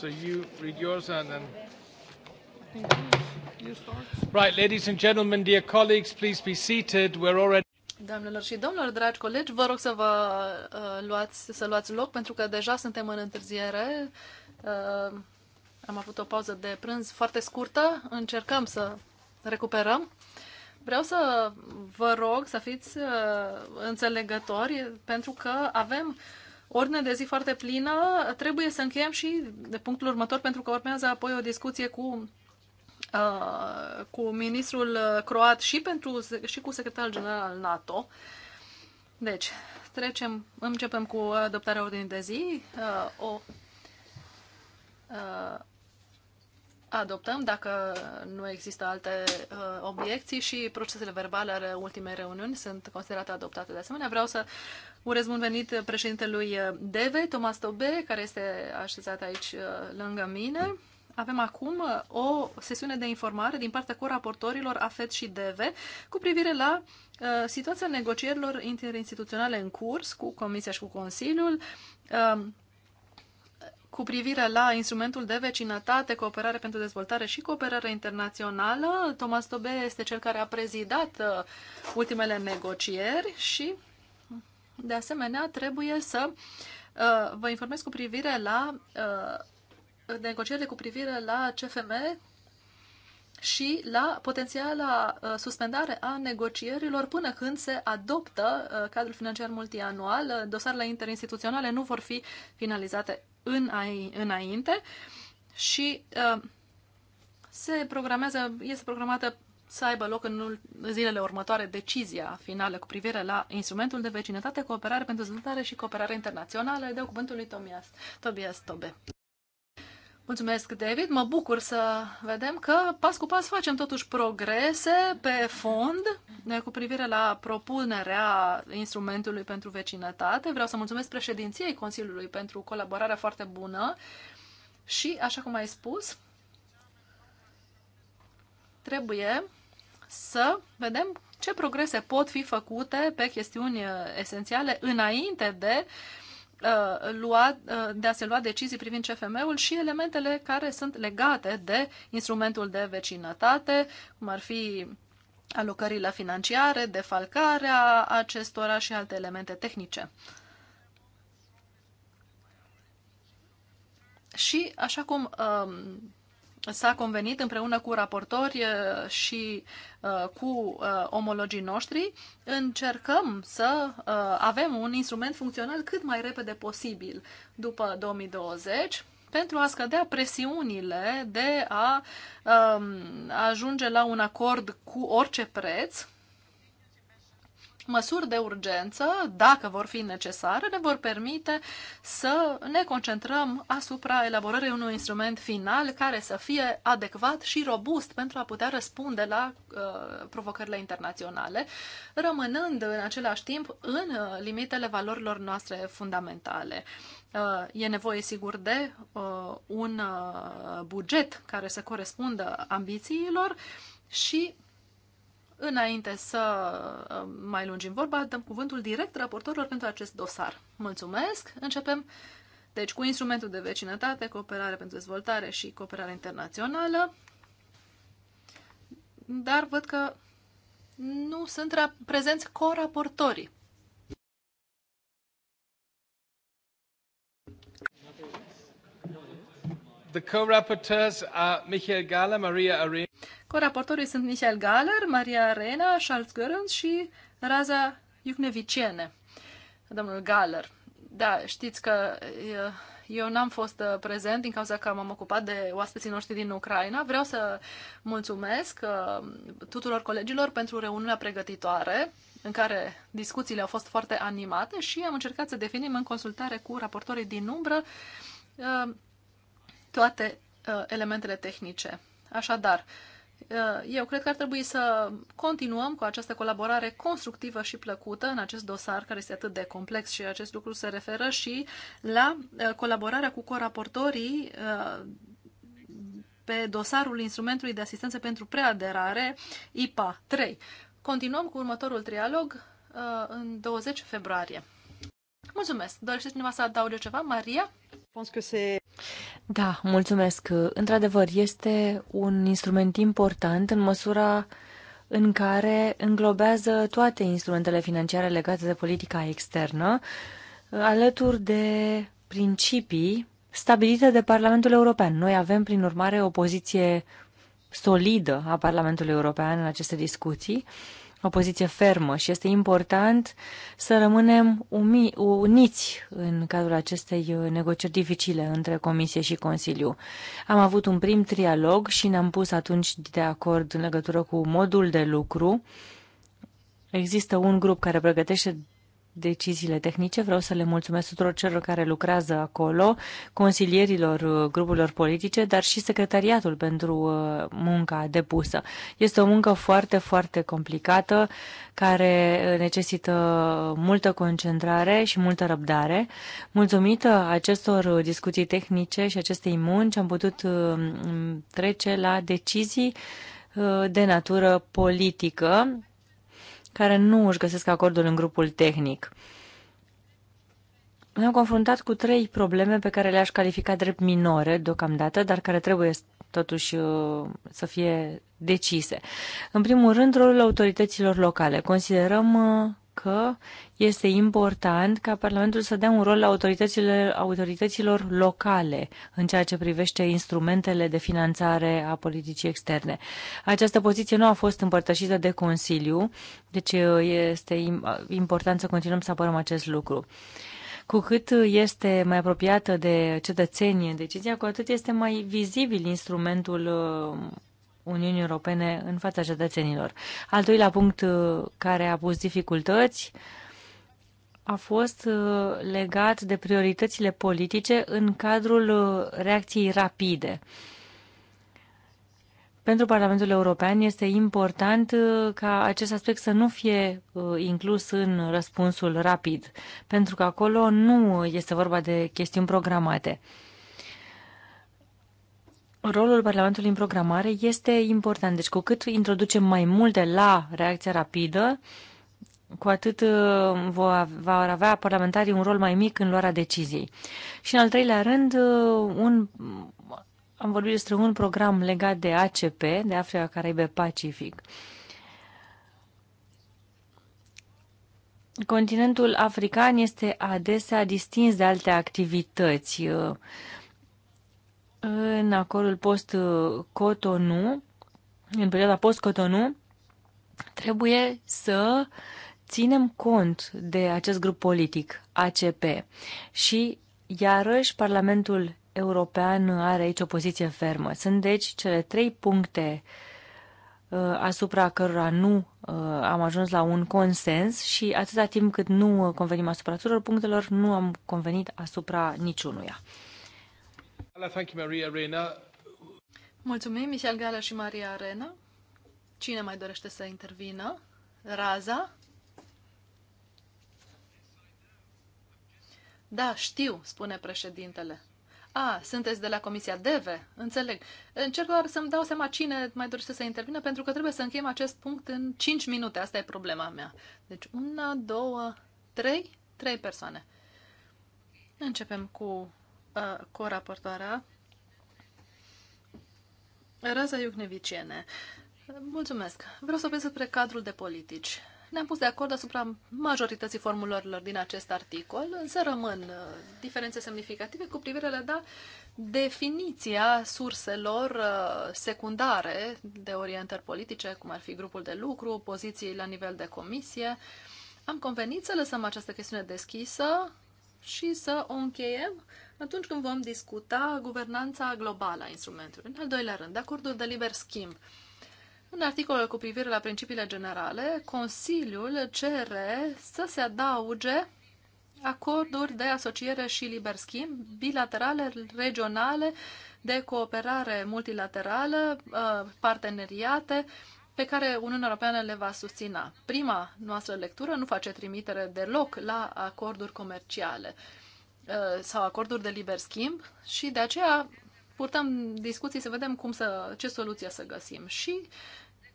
So you read yours and then. Right, ladies and gentlemen, dear colleagues, please be seated. We're already. Doamnelor și domnilor, dragi colegi, vă rog să vă uh, luați, să luați loc pentru că deja suntem în întârziere. Uh, am avut o pauză de prânz foarte scurtă. Încercăm să recuperăm. Vreau să vă rog să fiți uh, înțelegători pentru că avem uh, ordine de zi foarte plină. Trebuie să încheiem și de punctul următor, pentru că urmează apoi o discuție cu uh, cu ministrul croat și, pentru, și cu secretarul general al NATO. Deci, trecem, începem cu adoptarea ordinii de zi. Uh, o uh, adoptăm dacă nu există alte uh, obiecții și procesele verbale ale ultimei reuniuni sunt considerate adoptate. De asemenea, vreau să Urez bun venit președintelui DEVE, Tomas Tobe, care este așezat aici uh, lângă mine. Avem acum uh, o sesiune de informare din partea coraportorilor AFET și DEVE cu privire la uh, situația negocierilor interinstituționale în curs cu Comisia și cu Consiliul, uh, cu privire la instrumentul de vecinătate, cooperare pentru dezvoltare și cooperare internațională. Tomas Tobe este cel care a prezidat uh, ultimele negocieri și de asemenea, trebuie să uh, vă informez cu privire la uh, negocierile cu privire la CFM și la potențiala uh, suspendare a negocierilor până când se adoptă cadrul financiar multianual. Dosarele interinstituționale nu vor fi finalizate înainte și se programează, este programată să aibă loc în zilele următoare decizia finală cu privire la instrumentul de vecinătate, cooperare pentru dezvoltare și cooperare internațională. Dau cuvântul lui Tomias, Tobias Tobe. Mulțumesc, David. Mă bucur să vedem că pas cu pas facem totuși progrese pe fond cu privire la propunerea instrumentului pentru vecinătate. Vreau să mulțumesc președinției Consiliului pentru colaborarea foarte bună și, așa cum ai spus, trebuie să vedem ce progrese pot fi făcute pe chestiuni uh, esențiale înainte de uh, lua, uh, de a se lua decizii privind CFM-ul și elementele care sunt legate de instrumentul de vecinătate, cum ar fi alocările financiare, defalcarea acestora și alte elemente tehnice. Și, așa cum um, s-a convenit împreună cu raportori eh, și eh, cu eh, omologii noștri, încercăm să avem un instrument funcțional cât mai repede posibil după 2020 pentru a scădea presiunile de a ajunge la un acord cu orice preț măsuri de urgență, dacă vor fi necesare, ne vor permite să ne concentrăm asupra elaborării unui instrument final care să fie adecvat și robust pentru a putea răspunde la uh, provocările internaționale, rămânând în același timp în uh, limitele valorilor noastre fundamentale. Uh, e nevoie, sigur, de uh, un uh, buget care să corespundă ambițiilor și Înainte să uh, mai lungim vorba, dăm cuvântul direct raportorilor pentru acest dosar. Mulțumesc! Începem deci cu instrumentul de vecinătate, cooperare pentru dezvoltare și cooperare internațională. Dar văd că nu sunt prezenți coraportorii. The co-rapporteurs are Michael Gala, Maria Arena. Coraportorii sunt Michael Galler, Maria Arena, Charles Görens și Raza Iucneviciene, domnul Galler. Da, știți că uh, eu n-am fost uh, prezent din cauza că m-am ocupat de oaspeții noștri din Ucraina. Vreau să mulțumesc uh, tuturor colegilor pentru reuniunea pregătitoare în care discuțiile au fost foarte animate și am încercat să definim în consultare cu raportorii din umbră toate elementele tehnice. Așadar, Uh, eu cred că ar trebui să continuăm cu această colaborare constructivă și plăcută în acest dosar care este atât de complex și acest lucru se referă și la uh, colaborarea cu coraportorii uh, pe dosarul instrumentului de asistență pentru preaderare IPA 3. Continuăm cu următorul trialog în 20 februarie. Mulțumesc! Dorește cineva să adauge ceva? Maria? Da, mulțumesc. Într-adevăr, este un instrument important în măsura în care înglobează toate instrumentele financiare legate de politica externă, alături de principii stabilite de Parlamentul European. Noi avem, prin urmare, o poziție solidă a Parlamentului European în aceste discuții o poziție fermă și este important să rămânem umi, uniți în cadrul acestei uh, negocieri dificile între Comisie și Consiliu. Am avut un prim trialog și ne-am pus atunci de acord în legătură cu modul de lucru. Există un grup care pregătește deciziile tehnice. Vreau să le mulțumesc tuturor celor care lucrează acolo, consilierilor uh, grupurilor politice, dar și secretariatul pentru uh, munca depusă. Este o muncă foarte, foarte complicată, care uh, necesită multă concentrare și multă răbdare. Mulțumită acestor discuții tehnice și acestei munci am putut trece la decizii de natură politică care nu își găsesc acordul în grupul tehnic. Ne-am confruntat cu trei probleme pe care le-aș califica drept minore deocamdată, dar care trebuie totuși uh, să fie decise. În primul rând, rolul autorităților locale. Considerăm uh, că este important ca Parlamentul să dea un rol autorităților, autorităților locale în ceea ce privește instrumentele de finanțare a politicii externe. Această poziție nu a fost împărtășită de Consiliu, deci uh, este uh, important să continuăm să apărăm acest lucru cu cât este mai apropiată de cetățenie decizia, cu atât este mai vizibil instrumentul uh, Uniunii Europene în fața cetățenilor. Al doilea punct uh, care a pus dificultăți a fost uh, legat de prioritățile politice în cadrul uh, reacției rapide. Pentru Parlamentul European este important ca acest aspect să nu fie inclus în răspunsul rapid, pentru că acolo nu este vorba de chestiuni programate rolul Parlamentului în programare este important. Deci cu cât introducem mai multe la reacția rapidă, cu atât uh, va avea parlamentarii un rol mai mic în luarea deciziei. Și în al treilea rând, uh, un, am vorbit despre un program legat de ACP, de Africa Caraibe Pacific. Continentul african este adesea distins de alte activități uh, în acordul post-Cotonou, în perioada post-Cotonou, trebuie să ținem cont de acest grup politic, ACP. Și iarăși Parlamentul European are aici o poziție fermă. Sunt deci cele trei puncte uh, asupra cărora nu uh, am ajuns la un consens și atâta timp cât nu convenim asupra tuturor punctelor, nu am convenit asupra niciunuia. Thank you, Maria Arena. Mulțumim, Michel Gala și Maria Arena. Cine mai dorește să intervină? Raza? Da, știu, spune președintele. A, sunteți de la Comisia DEVE, înțeleg. Încerc doar să-mi dau seama cine mai dorește să intervină, pentru că trebuie să încheiem acest punct în 5 minute. Asta e problema mea. Deci, una, două, trei, trei persoane. Începem cu uh, coraportoarea Raza Iugneviciene. Mulțumesc. Vreau să vorbesc despre cadrul de politici. Ne-am pus de acord asupra majorității formulărilor din acest articol, însă rămân uh, diferențe semnificative cu privire la da, definiția surselor uh, secundare de orientări politice, cum ar fi grupul de lucru, poziții la nivel de comisie. Am convenit să lăsăm această chestiune deschisă și să o încheiem atunci când vom discuta guvernanța globală a instrumentului. În al doilea rând, acordul de liber schimb. În articolul cu privire la principiile generale, Consiliul cere să se adauge acorduri de asociere și liber schimb bilaterale, regionale, de cooperare multilaterală, uh, parteneriate, pe care Uniunea Europeană le va susține. Prima noastră lectură nu face trimitere deloc la acorduri comerciale uh, sau acorduri de liber schimb și de aceea purtăm discuții să vedem cum să, ce soluție să găsim. Și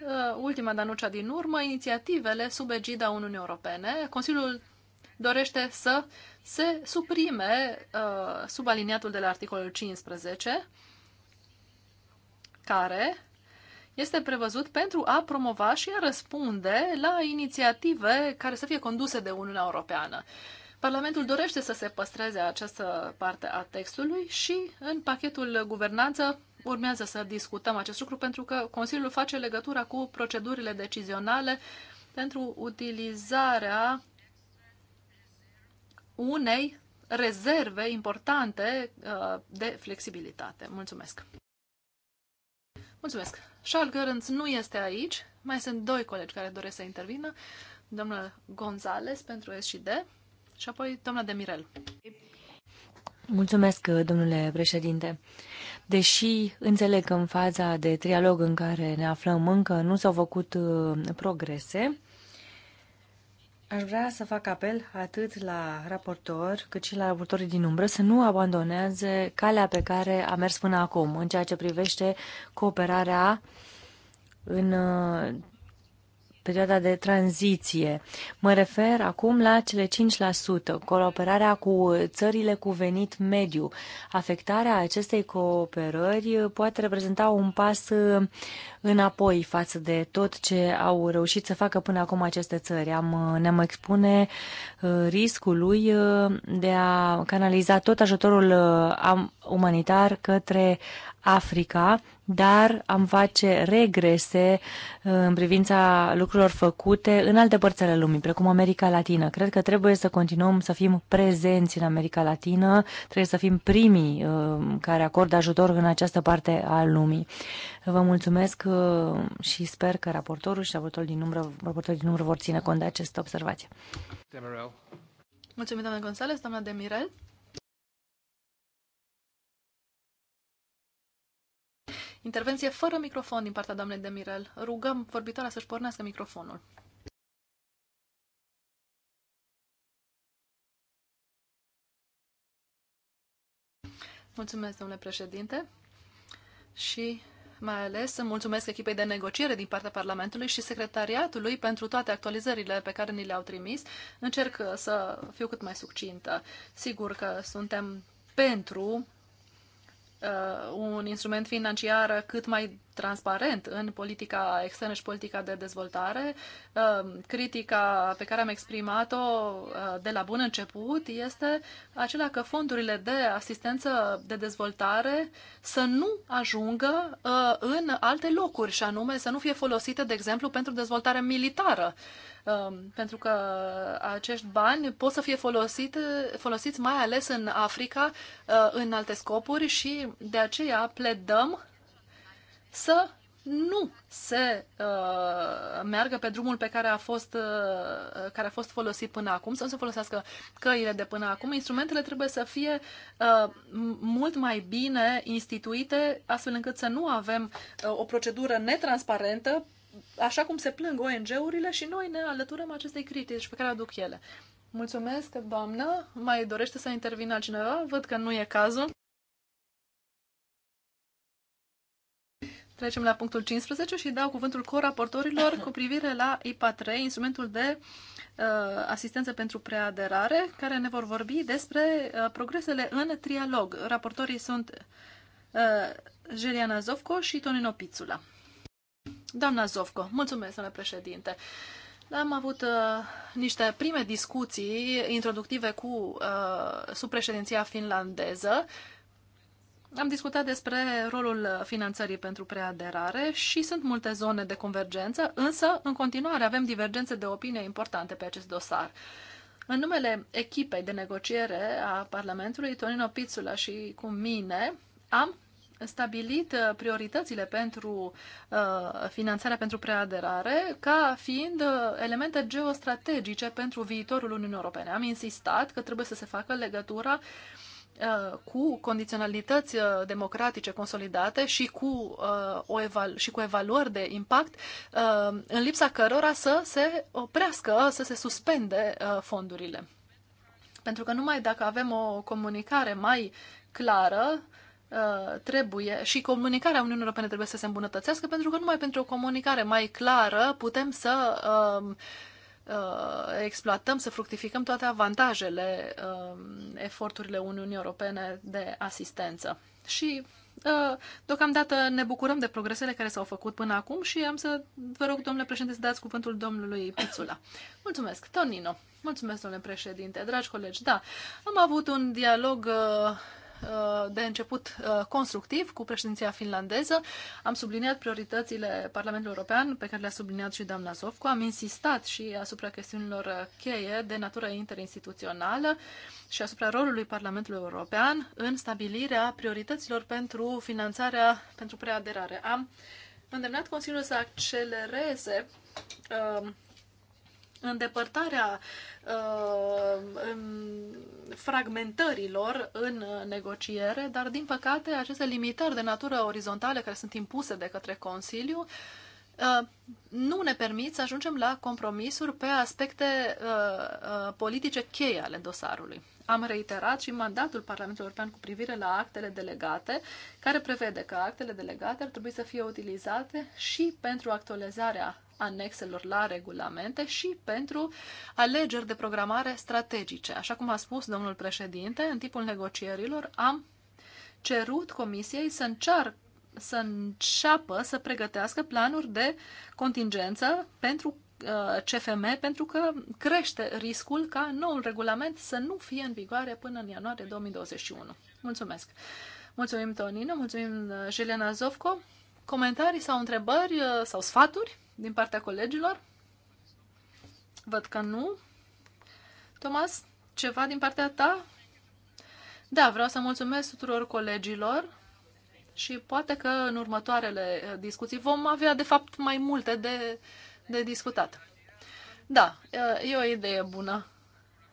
uh, ultima, dar nu cea din urmă, inițiativele sub egida Uniunii Europene. Consiliul dorește să se suprime uh, sub aliniatul de la articolul 15, care este prevăzut pentru a promova și a răspunde la inițiative care să fie conduse de Uniunea Europeană. Parlamentul dorește să se păstreze această parte a textului și în pachetul guvernanță urmează să discutăm acest lucru pentru că Consiliul face legătura cu procedurile decizionale pentru utilizarea unei rezerve importante uh, de flexibilitate. Mulțumesc! Mulțumesc. Charles Gărânț nu este aici. Mai sunt doi colegi care doresc să intervină. Domnul Gonzales pentru S și D și apoi doamna Demirel. Mulțumesc, domnule președinte. Deși înțeleg că în faza de trialog în care ne aflăm încă nu s-au făcut uh, progrese, Aș vrea să fac apel atât la raportor, cât și la raportorii din umbră să nu abandoneze calea pe care a mers până acum în ceea ce privește cooperarea în perioada de tranziție. Mă refer acum la cele 5%, cooperarea cu țările cu venit mediu. Afectarea acestei cooperări poate reprezenta un pas uh, înapoi față de tot ce au reușit să facă până acum aceste țări. Am, uh, ne-am expune uh, riscului de a canaliza tot ajutorul umanitar către Africa, dar am face regrese uh, în privința lucrurilor făcute în alte părți ale lumii, precum America Latină. Cred că trebuie să continuăm să fim prezenți în America Latină, trebuie să fim primii uh, care acordă ajutor în această parte a lumii. Vă mulțumesc uh, și sper că raportorul și raportorul din umbră, raportorul din umbră vor ține cont de această observație. Demirel. Mulțumim, doamne Gonzalez, doamna Demirel. Intervenție fără microfon din partea doamnei Demirel. Rugăm vorbitoarea să-și pornească microfonul. Mulțumesc, domnule președinte, și mai ales mulțumesc echipei de negociere din partea Parlamentului și secretariatului pentru toate actualizările pe care ni le-au trimis. Încerc să fiu cât mai succintă. Sigur că suntem pentru Uh, un instrument financiar cât mai transparent în politica externă și politica de dezvoltare. Um, critica pe care am exprimat-o uh, de la bun început este acela că fondurile de asistență de dezvoltare să nu ajungă uh, în alte locuri și anume să nu fie folosite, de exemplu, pentru dezvoltare militară um, pentru că acești bani pot să fie folosite, folosiți mai ales în Africa, uh, în alte scopuri și de aceea pledăm să nu se uh, meargă pe drumul pe care a, fost, uh, care a fost folosit până acum, să nu se folosească căile de până acum. Instrumentele trebuie să fie uh, mult mai bine instituite, astfel încât să nu avem uh, o procedură netransparentă, așa cum se plâng ONG-urile și noi ne alăturăm acestei critici pe care aduc ele. Mulțumesc, doamnă. Mai dorește să intervină cineva? Văd că nu e cazul. Trecem la punctul 15 și dau cuvântul co-raportorilor cu privire la IPA 3, instrumentul de uh, asistență pentru preaderare, care ne vor vorbi despre uh, progresele în trialog. Raportorii sunt uh, Jeliana Zovco și Tonino Pițula. Doamna Zovco, mulțumesc, domnule președinte. Am avut uh, niște prime discuții introductive cu uh, subpreședinția finlandeză. Uh, am discutat despre rolul finanțării pentru preaderare și sunt multe zone de convergență, însă în continuare avem divergențe de opinie importante pe acest dosar. În numele echipei de negociere a Parlamentului, Tonino Pițula și cu mine, am stabilit uh, prioritățile pentru uh, finanțarea pentru preaderare ca fiind uh, elemente geostrategice pentru viitorul Uniunii Europene. Am insistat că trebuie să se facă legătura uh, Uh, cu condiționalități uh, democratice consolidate și cu, uh, o eval- și cu evaluări de impact, în lipsa cărora să se oprească, să se suspende fondurile. Pentru că numai dacă avem o comunicare mai clară, trebuie și comunicarea Uniunii Europene trebuie să se îmbunătățească, pentru că numai pentru o comunicare mai clară putem să uh, uh, exploatăm, să fructificăm toate avantajele, uh, eforturile Uniunii Europene de asistență. Și uh, deocamdată ne bucurăm de progresele care s-au făcut până acum și am să vă rog, domnule președinte, să dați cuvântul domnului Pițula. Mulțumesc, Tonino. Mulțumesc, domnule președinte, dragi colegi. Da, am avut un dialog uh, Uh, de început uh, constructiv cu președinția finlandeză. Am subliniat prioritățile Parlamentului European, pe care le-a subliniat și doamna Zovco. Am insistat și asupra chestiunilor uh, cheie de natură interinstituțională și asupra rolului Parlamentului European în stabilirea priorităților pentru finanțarea pentru preaderare. Am îndemnat Consiliul să accelereze îndepărtarea uh, fragmentărilor în negociere, dar din păcate aceste limitări de natură orizontale care sunt impuse de către Consiliu uh, nu ne permit să ajungem la compromisuri pe aspecte uh, politice cheie ale dosarului. Am reiterat și mandatul Parlamentului European cu privire la actele delegate, care prevede că actele delegate ar trebui să fie utilizate și pentru actualizarea anexelor la regulamente și pentru alegeri de programare strategice. Așa cum a spus domnul președinte, în timpul negocierilor am cerut Comisiei să încearcă să înceapă să pregătească planuri de contingență pentru uh, CFM pentru că crește riscul ca noul regulament să nu fie în vigoare până în ianuarie 2021. Mulțumesc! Mulțumim, Tonino, mulțumim, uh, Jelena Zovco. Comentarii sau întrebări uh, sau sfaturi? din partea colegilor? Văd că nu. Thomas, ceva din partea ta? Da, vreau să mulțumesc tuturor colegilor și poate că în următoarele eh, discuții vom avea, de fapt, mai multe de, de discutat. Da, eh, e o idee bună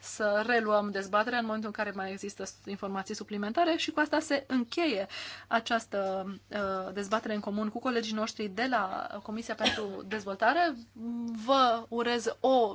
să reluăm dezbaterea în momentul în care mai există informații suplimentare și cu asta se încheie această uh, dezbatere în comun cu colegii noștri de la Comisia pentru Dezvoltare. Vă urez o